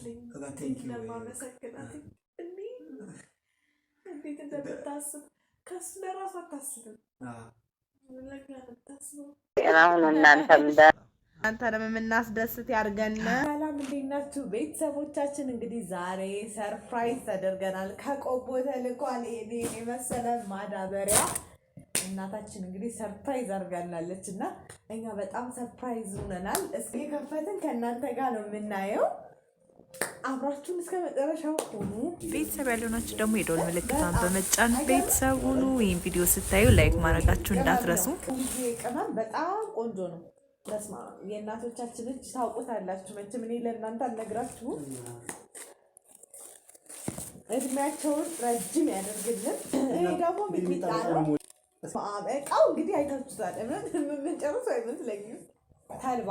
አድርግልኝ ለማመሰግናት እንዴት እንደምታስብ ከሱ ለራሱ አታስብም። እናንተንም የምናስደስት ያድርገን። ሰላም እንዴት ናችሁ ቤተሰቦቻችን? እንግዲህ ዛሬ ሰርፕራይዝ ተደርገናል። ከቆቦ ተልኳል ይሄን የመሰለ ማዳበሪያ እናታችን እንግዲህ ሰርፕራይዝ አድርጋናለች እና እኛ በጣም ሰርፕራይዝ ሆነናል። እስኪ ከፈትን ከእናንተ ጋር ነው የምናየው። አብራችሁን እስከ መጨረሻው ሆኑ። ቤተሰብ ያልሆናችሁ ደግሞ የደወል ምልክቷን በመጫን ቤተሰብ ሁኑ። ይህን ቪዲዮ ስታዩ ላይክ ማድረጋችሁ እንዳትረሱ። ቅመም በጣም ቆንጆ ነው። በስማ የእናቶቻችን እጅ ታውቁታላችሁ መቼም። እኔ ለእናንተ አልነግራችሁም። እድሜያቸውን ረጅም ያደርግልን። ይሄ ደግሞ ሚጥሚጣ ነው። እቃው እንግዲህ አይታችሁታል። የምንጨርሰው አይመስለኝም ተልባ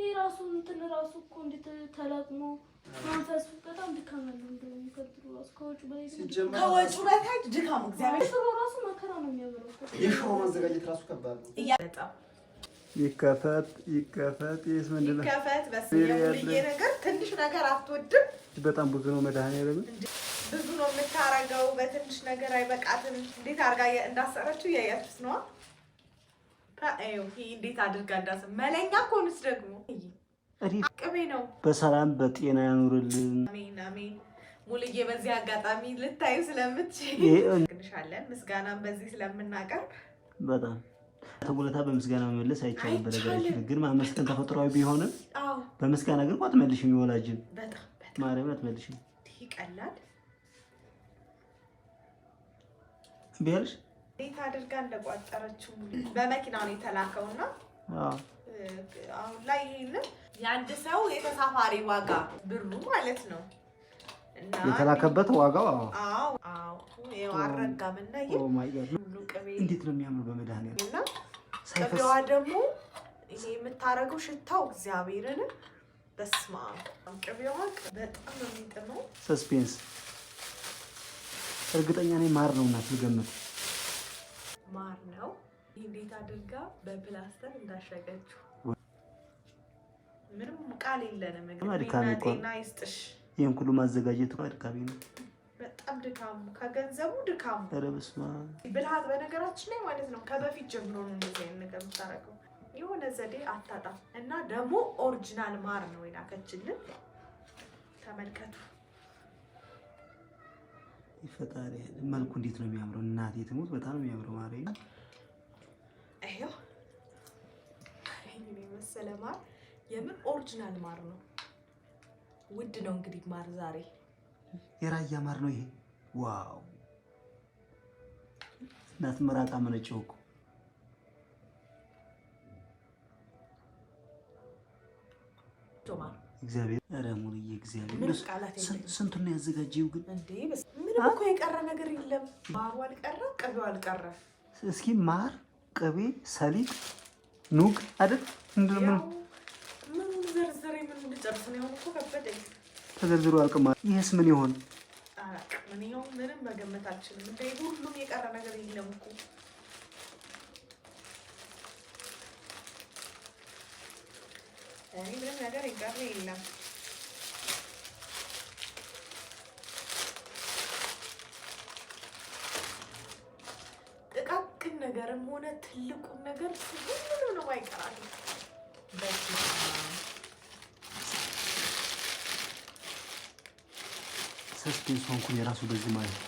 ይህ ራሱ እንትን ራሱ እኮ እንዴት ተለቅሞ መንፈሱ በጣም ድካም አለው። እንደውም የሚቀጥሉ ራሱ ከወጪ በታች ድካም እግዚአብሔር ሽሮ ራሱ መከራ ነው የሚያበላው። የሽሮ ማዘጋጀት ራሱ ከባድ ነው። ይከፈት ይከፈት ይስ ምንድን ነው ይከፈት በስዬ ነገር ትንሽ ነገር አትወድም። በጣም ብዙ ነው መድኃኒዓለም ብዙ ነው የምታረገው። በትንሽ ነገር አይበቃትም። እንዴት አድርጋ እንዳሰረችው እያያችሁት ነዋ እንዴት አድርጋ እንዳሰ መለኛ ኮንስ ደግሞ ነው። በሰላም በጤና ያኑርልን። ሙልዬ በዚህ አጋጣሚ ልታዩ ስለምትችል እንግንሻለን። በዚህ ስለምናቀርብ በጣም ተጉለታ በምስጋና መመለስ አይቻልም። በነገራችን ግን ማመስገን ተፈጥሯዊ ቢሆንም በምስጋና ግን አትመልሽም። አትመልሽም። ይቀላል ቢያልሽ እንዴት አድርጋ እንደቋጠረችው በመኪና ነው የተላከው እና አሁን ላይ የአንድ ሰው የተሳፋሪ ዋጋ ብሩ ማለት ነው የተላከበት ዋጋው እንዴት ነው የሚያምር በመድኃኒዓለም እና ቅቤዋ ደግሞ ይሄ የምታደርገው ሽታው እግዚአብሔርን በስመ ቅቤዋ በጣም ነው የሚጥመው። ሰስፔንስ እርግጠኛ ነኝ ማር ነው ማር ነው። እንዴት አድርጋ በፕላስተር እንዳሸገችው ምንም ቃል የለንም። ጤና ይስጥሽ። ይህን ሁሉ ማዘጋጀት አድካሚ ነው። በጣም ድካሙ ከገንዘቡ ድካሙ ረብስማ ብልሃት በነገራችን ላይ ማለት ነው። ከበፊት ጀምሮ ነው እንደዚህ አይነት ነገር የምታደርገው። የሆነ ዘዴ አታጣም። እና ደግሞ ኦሪጂናል ማር ነው የላከችልን። ተመልከቱ። ፈጣሪ መልኩ እንዴት ነው የሚያምረው! እናቴ ትሙት፣ በጣም ነው የሚያምረው። ማሪ አይዮ የመሰለ ማር የምን ኦሪጂናል ማር ነው። ውድ ነው እንግዲህ ማር ዛሬ የራያ ማር ነው ይሄ። ዋው እናት መራቃ መነጨው እኮ እግዚአብሔር ረሙን ሙሉዬ እግዚአብሔር ስንቱን ያዘጋጀው ግን ምንም እኮ የቀረ ነገር የለም። ማሩ አልቀረ፣ ቅቤው አልቀረ። እስኪ ማር፣ ቅቤ፣ ሰሊጥ፣ ኑግ አይደል? ምንድነው ምን ዘርዘር ምን ልጨርስ ነው እኮ ከበደኝ። ተዘርዝሮ አልቅማ። ይህስ ምን ይሆን? ምን ይሆን? ምንም መገመት አልችልም። እንደ ሁሉም የቀረ ነገር የለም እኮ እኔ ምንም ነገር የቀረ የለም። ነገርም ሆነ ትልቁን ነገር ሁሉ ነው አይቀራል። ሰስፔንስ ሆንኩኝ የራሱ በዚህ ማለት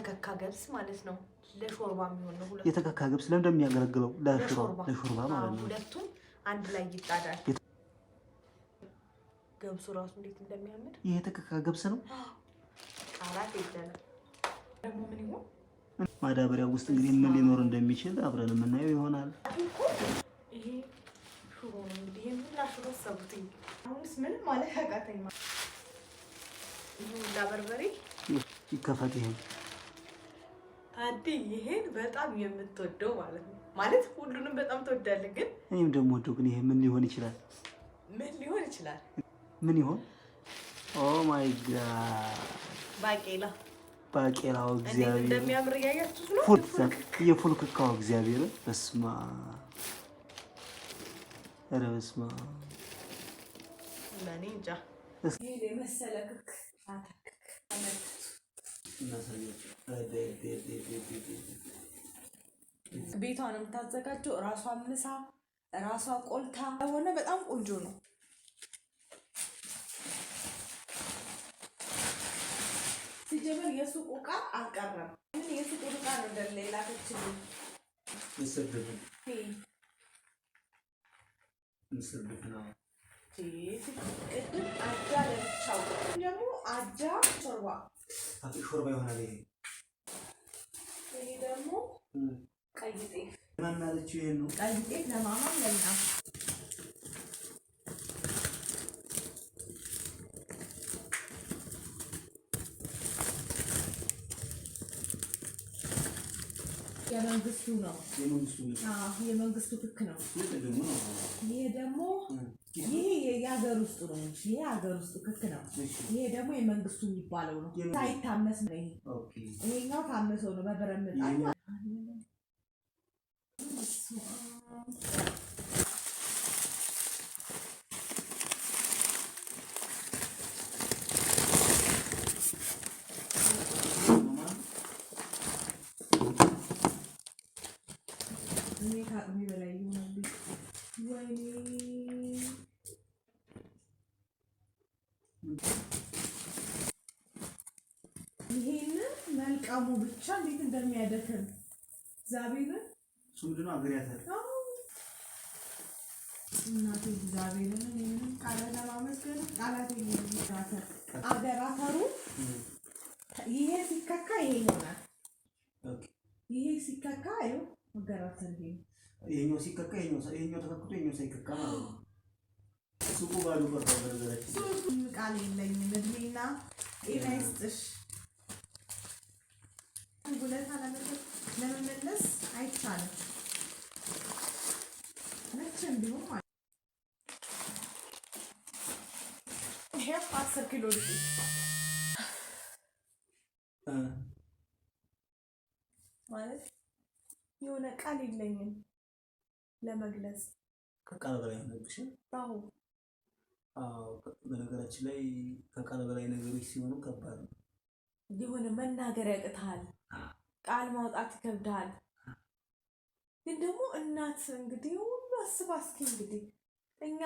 የተከካ ገብስ ማለት ነው። ለሾርባ የሚሆን ነው። የተከካ ገብስ ለምን እንደሚያገለግለው ለሾርባ ማለት ነው። ሁለቱም አንድ ላይ ይጣዳል። ገብሱ ራሱ እንዴት እንደሚያምር ይህ የተከካ ገብስ ነው። ቃላት የለንም ደግሞ ምን ይሆን ማዳበሪያ ውስጥ እንግዲህ ምን ሊኖር እንደሚችል አብረን የምናየው ይሆናል። ይከፈት። ይሄን ታዲ ይሄን በጣም የምትወደው ማለት ነው። ማለት ሁሉንም በጣም ትወዳለህ፣ ግን እኔም ደግሞ ወደው። ግን ይሄ ምን ሊሆን ይችላል? ምን ሊሆን ይችላል? ምን ይሆን? ኦ ማይ ጋድ ባቄላ ባቄላው እግዚአብሔር የፉልክካው እግዚአብሔር በስማ ኧረ በስማ ቤቷን የምታዘጋጀው ራሷ ምሳ ራሷ ቆልታ ሆነ። በጣም ቆንጆ ነው። ሲጀመር የሱቅ እቃ አልቀረም። የሱቅ ዕቃ ነው እንደሌላ የላከችልኝ ቅድም አጃ ለብቻው ደግሞ አጃ ሾርባ ሾርባ ይሆናል። ይሄ ደግሞ ቀይ ጤፍ ማናለችው? ይሄን ነው ቀይ ጤፍ ለማማ ለምጣ የመንግስቱ ነው። የመንግስቱ ትክ ነው። ይሄ ደግሞ ይሄ የሀገር ውስጡ ነው። ይሄ ሀገር ውስጡ ትክ ነው። ይሄ ደግሞ የመንግስቱ የሚባለው ነው። ሳይታመስ ነው። ይሄኛው ታመሰው ነው በብረት ይሄንን መልቀሙ ብቻ እንዴት እንደሚያደክም እግዚአብሔርን ምንድን ነው አገሪያታል እናቴ እግዚአብሔርን ይህንም ቃለ ለማመስገን ቃላት የሚታተር አገራተሩ ይሄ ሲከካ ይሄ ይሆናል። ይሄ ሲከካ ይኸው አገራተር ይሄኛው ሲከካ ይሄኛው ተከክቶ ይሄኛው ሳይከካ ማለት ነው። ቃል የለኝም። እድሜና ጤና ይስጥሽ። ውለታ ለመመለስ አይቻልም መቼም ቢሆን ማለት ይሄው አስር ኪሎ ማለት የሆነ ቃል የለኝም ለመግለጽ በነገራችን ላይ ከቃል በላይ ነገሮች ሲሆኑ ከባድ ነው። የሆነ መናገር ያቅታል፣ ቃል ማውጣት ይከብዳል። ግን ደግሞ እናት እንግዲህ ሁሉ አስባ እስኪ እንግዲህ እኛ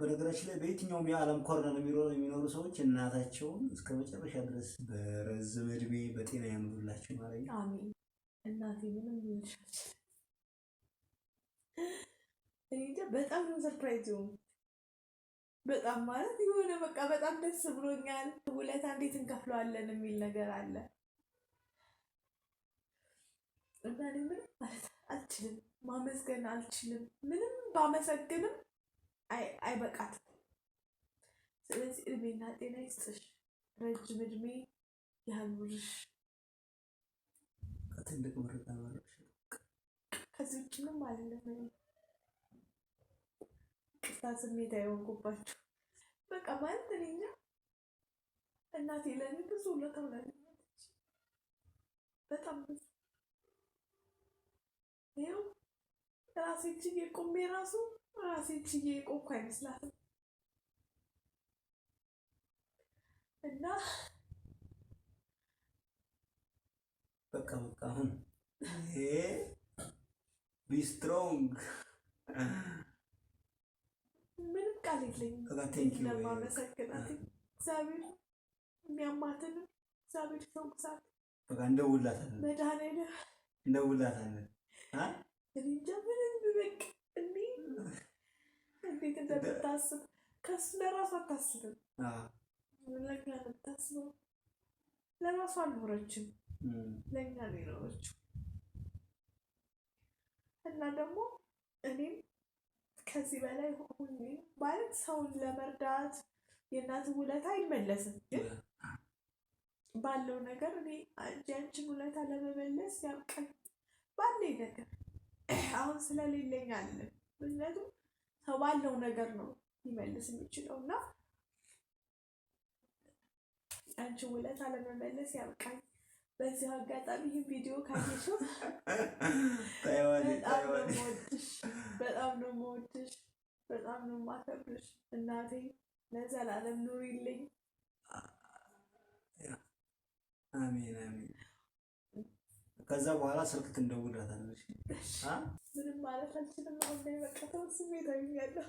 በነገራችን ላይ በየትኛውም የዓለም ኮርነር የሚኖሩ ሰዎች እናታቸውን እስከ መጨረሻ ድረስ በረዝም እድሜ በጤና ያኑሩላቸው ማለት ነው። አሜን። እናቴ ምንም እኔ እንጃ በጣም ነው ሰርፕራይዝ የሆንኩት። በጣም ማለት የሆነ በቃ በጣም ደስ ብሎኛል። ውለታ እንዴት እንከፍለዋለን የሚል ነገር አለ እና እኔ ምንም ማለት አልችልም፣ ማመስገን አልችልም። ምንም ባመሰግንም አይበቃትም። ስለዚህ እድሜና ጤና ይስጥሽ፣ ረጅም እድሜ ያኑርሽ። ከዚህ ውጭ ምንም አልለም። ቅስታ ስሜት አይሆንኩባችሁ። በቃ ማለት እኔኛ እናቴ ለእኔ ብዙ ውለታ ውላለች፣ በጣም ብዙ። ይኸው ራሴን ችዬ ቆሜ ራሱ ራሴን ችዬ የቆምኩ አይመስላትም እና በቃ በቃ አሁን ቢ ስትሮንግ ቃል የለኝም ለማመሰግናት እግዚአብሔር እግዚአብሔር በቃ እንደውላታለን፣ መድኃኒዓለም እንደውላታለን። እንጃ ምንም ብበቅ እኔ እንዴት እንደምታስብ ከሱ ለራሱ አታስብም፣ ለእኛ ነው ለራሱ አልኖረችም፣ ለእኛ ነው የኖረችው እና ደግሞ እኔም ከዚህ በላይ ሁሉ ማለት ሰውን ለመርዳት የእናት ውለታ አይመለስም፣ ግን ባለው ነገር እኔ አንቺን ውለታ ለመመለስ ያብቃኝ ባለኝ ነገር አሁን ስለሌለኝ አለ። ምክንያቱም ሰው ባለው ነገር ነው ሊመልስ የሚችለው እና አንቺን ውለታ ለመመለስ ያብቃኝ። በዚህ አጋጣሚ ይህን ቪዲዮ ካየሽው በጣም ነው የምወድሽ፣ በጣም ነው የማከብርሽ እናቴ። ለዘላለም ኑሪልኝ። አሜን አሜን። ከዛ በኋላ ስልክ ትንደውላታለሽ። ምንም ማለት አልችልም። አሁን ላይ በቃ ስሜት አግኛለሁ።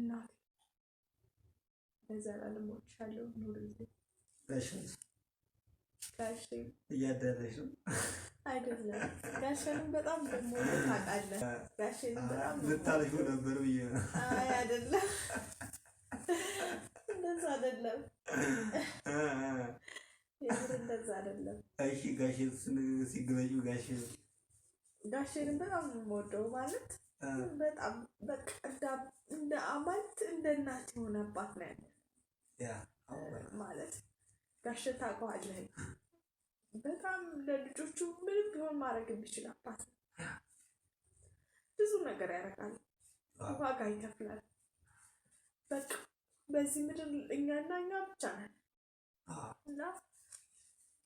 እናቴ ለዘላለም ወድሻለሁ፣ ኑሪልኝ። እያደረሽ ነው አይደለም? ጋሸንም በጣም ደግሞ ታውቃለህ። ጋሸንም በጣም ነበር ብዬ ነው። አይደለም፣ አይደለም፣ እንደዛ አይደለም። እሺ ሲገለጩ በጣም የምወደው ማለት በጣም በቃ እንደ እንደ እናት የሆነ አባት ነው ያለ ማለት ጋሼ ታውቀዋለህ በጣም ለልጆቹ ምንም ቢሆን ማድረግ የሚችል አባት ብዙ ነገር ያደርጋል፣ ዋጋ ይከፍላል። በቃ በዚህ ምድር እኛና እኛ ብቻ ነን እና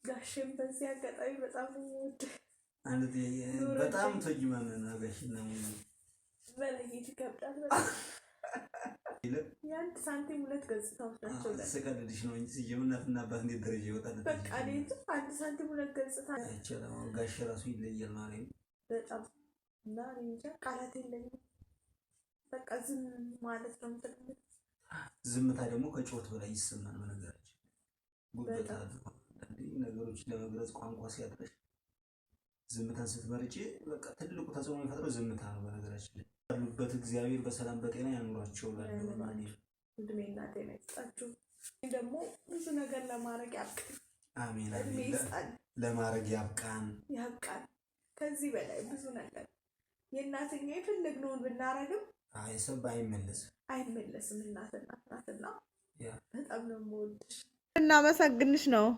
ጋሽም በዚህ አጋጣሚ በጣም ወድ በጣም ቶጅማን ነው በለየት ይከብዳል በጣም የአንድ ሳንቲም ሁለት ገጽታዎች ናቸው። ስቀልድሽ ነው እንጂ እናትና አባት እንዴት ደረጃ ይወጣል? በቃ አንድ ሳንቲም ሁለት ገጽታ ጋሽ ራሱ ይለያል ማለት ነው። በጣም እና እንጃ ቃላት የለኝም። በቃ ዝም ማለት ነው። ዝምታ ደግሞ ከጩኸት በላይ ይሰማል። በነገራችን ጉበት ነገሮችን ለመግለጽ ቋንቋ ሲያጥረሽ ዝምታን ስትመርጪ በቃ ትልቁ ተጽዕኖ የሚፈጥረው ዝምታ ነው። ባሉበት እግዚአብሔር በሰላም በጤና ያኑራቸው። ላለማኔል እድሜና ጤና ይስጣችሁ። ደግሞ ብዙ ነገር ለማድረግ ያብቃን። አሜን ለማድረግ ያብቃን ያብቃን። ከዚህ በላይ ብዙ ነገር የእናትኛ የፈለግነውን ብናረግም አይሰብ አይመለስም አይመለስም። እናት እናት ናትና በጣም ነው የምወድሽ። እናመሰግንሽ ነው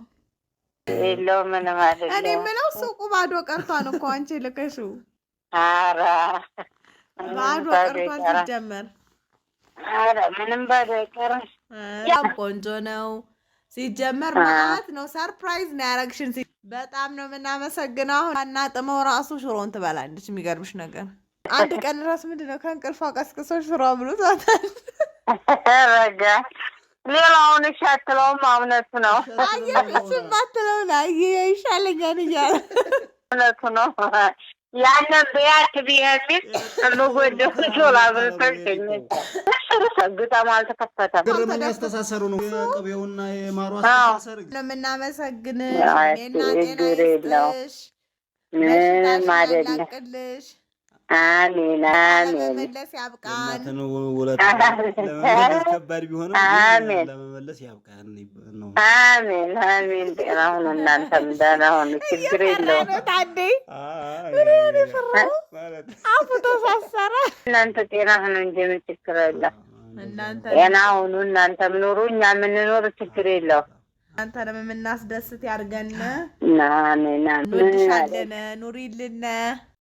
የለው ምንም አይደለም። እኔ የምለው ሱቁ ባዶ ቀርቷን እኮ አንቺ ልከሽው አራ በአዶ ቀርቷል ሲጀመር ምንም ባዶ ቆንጆ ነው ሲጀመር ማለት ነው። ሰርፕራይዝ ነው ያረግሽን። በጣም ነው የምናመሰግነው። አሁን አናጥመው ራሱ ሽሮን ትበላለች። የሚገርምሽ ነገር አንድ ቀን ራሱ ምንድን ነው ከእንቅልፏ ቀስቅሶ ሽሮ ብሎታታል። በቃ ሌላውን እሺ አትለውም። እውነቱ ነው። አየሽ እሱማ አትለውም። አየህ ይሻለኛል እያለ እውነቱ ነው። ያንን በያት ቢያሚል የምጎደው ዶላ ብር ተገኘች። ግጠማ አልተከፈተም። ግርምን ያስተሳሰሩ ነው የቅቤውና የማሩ አስተሳሰር። ነው። የምናመሰግንሽ ጤና ይስጥሽ፣ ምንም አይደለም። አሜን አሜን። ለመመለስ ያብቃን። ለመመለስ ያብቃን አሜን አሜን። ጤና ሁኑ፣ እናንተም ደህና ሁኑ። ችግር የለውም። አፉ ተሳሰረ። እናንተ ጤና ሁኑ እንጂ ምን ችግር የለው። ጤና ሁኑ፣ እናንተም ኑሩ፣ እኛ የምንኖር ችግር የለው። አንተንም የምናስደስት ያድርገን። አሜን። እንወድሻለን፣ ኑሪልን